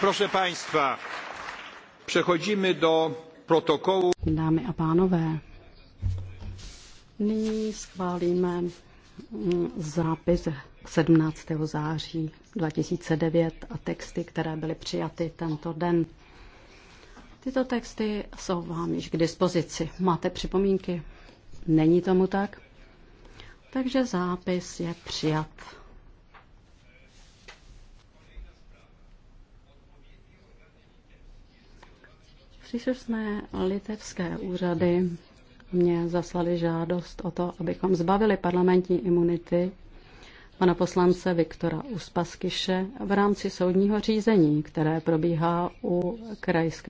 Proszę Państwa, přechodíme do protokolu. Dámy a pánové, nyní schválíme mm, zápis 17. září 2009 a texty, které byly přijaty tento den. Tyto texty jsou vám již k dispozici. Máte připomínky? Není tomu tak? Takže zápis je přijat. Příslušné litevské úřady mě zaslali žádost o to, abychom zbavili parlamentní imunity pana poslance Viktora Uspaskyše v rámci soudního řízení, které probíhá u krajské.